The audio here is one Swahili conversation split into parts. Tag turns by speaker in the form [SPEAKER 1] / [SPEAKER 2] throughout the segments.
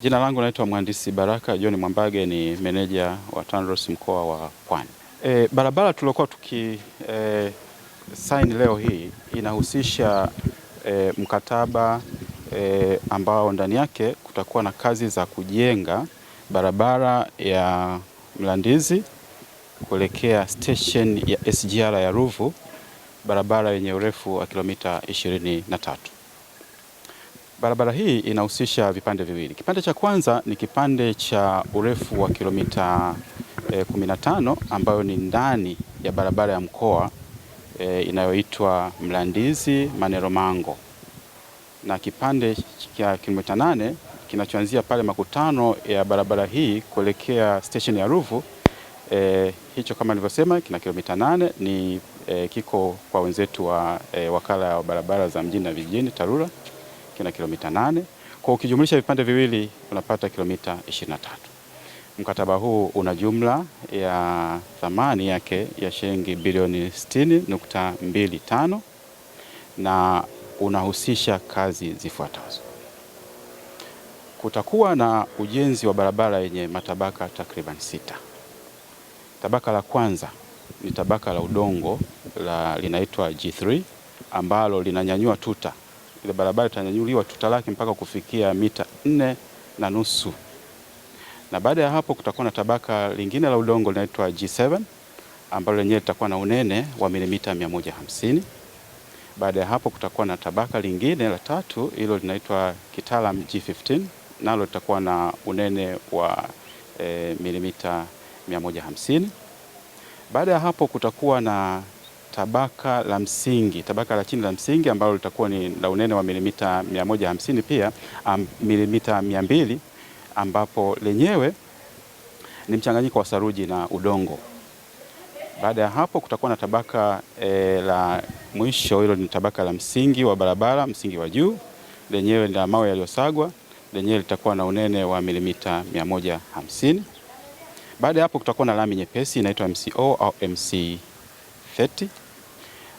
[SPEAKER 1] Jina langu naitwa Mhandisi Baraka John Mwambage, ni meneja wa TANROADS mkoa wa Pwani. E, barabara tuliokuwa tuki e, sign leo hii inahusisha e, mkataba e, ambao ndani yake kutakuwa na kazi za kujenga barabara ya Mlandizi kuelekea station ya SGR ya Ruvu, barabara yenye urefu wa kilomita 23. Barabara hii inahusisha vipande viwili. Kipande cha kwanza ni kipande cha urefu wa kilomita e, eh, 15 ambayo ni ndani ya barabara ya mkoa e, inayoitwa Mlandizi Maneromango, na kipande cha kilomita 8 kinachoanzia pale makutano ya barabara hii kuelekea station ya Ruvu e, hicho kama nilivyosema kina kilomita 8 ni e, kiko kwa wenzetu wa e, wakala wa barabara za mjini na vijijini TARURA na kilomita nane. Kwa ukijumlisha vipande viwili unapata kilomita 23. Mkataba huu una jumla ya thamani yake ya shilingi bilioni 60.25 na unahusisha kazi zifuatazo. Kutakuwa na ujenzi wa barabara yenye matabaka takriban sita. Tabaka la kwanza ni tabaka la udongo la linaitwa G3 ambalo linanyanyua tuta ile barabara itanyanyuliwa tutalaki mpaka kufikia mita nne na nusu na baada ya hapo kutakuwa na tabaka lingine la udongo linaitwa G7 ambalo lenyewe litakuwa na unene wa milimita 150. Baada ya hapo kutakuwa na tabaka lingine la tatu, hilo linaitwa kitaalam G15, nalo litakuwa na unene wa e, milimita 150. Baada ya hapo kutakuwa na tabaka la msingi, tabaka la chini la msingi ambalo litakuwa ni la unene wa milimita 150 pia um, milimita 200 ambapo lenyewe ni mchanganyiko wa saruji na udongo. Baada ya hapo kutakuwa na tabaka e, la mwisho, hilo ni tabaka la msingi wa barabara, msingi wa juu, lenyewe la mawe yaliyosagwa, lenyewe litakuwa na unene wa milimita 150. Baada ya hapo kutakuwa na lami nyepesi inaitwa MCO au MC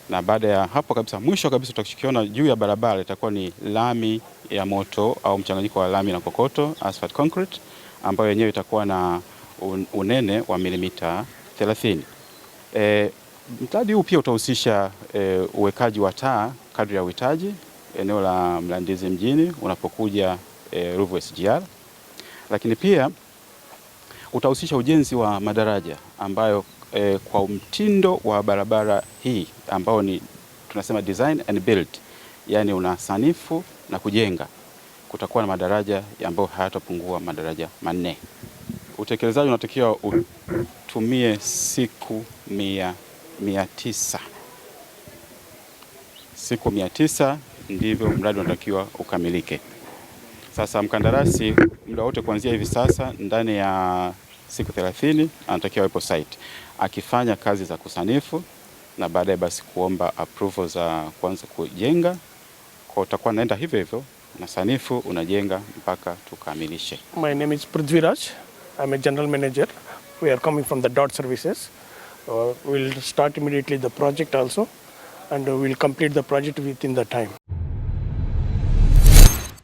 [SPEAKER 1] na baada ya hapo kabisa, mwisho kabisa utakachokiona juu ya barabara itakuwa ni lami ya moto au mchanganyiko wa lami na kokoto, asphalt concrete, ambayo yenyewe itakuwa na unene wa milimita 30. E, mradi huu pia utahusisha e, uwekaji wa taa kadri ya uhitaji eneo la Mlandizi mjini unapokuja e, Ruvu SGR, lakini pia utahusisha ujenzi wa madaraja ambayo eh, kwa mtindo wa barabara hii ambao ni tunasema design and build, yani unasanifu na kujenga, kutakuwa na madaraja ambayo hayatapungua madaraja manne. Utekelezaji unatakiwa utumie siku mia, mia tisa siku mia tisa ndivyo mradi unatakiwa ukamilike. Sasa mkandarasi, muda wote kuanzia hivi sasa ndani ya siku 30 anatakiwa awepo site akifanya kazi za kusanifu na baadaye basi kuomba approval za kuanza kujenga. Kwa utakuwa naenda hivyo hivyo na sanifu unajenga mpaka tukamilishe.
[SPEAKER 2] My name is Prithviraj. I'm a general manager. We are coming from the dot services. Uh, we'll start immediately the project also and we'll complete the project within the time.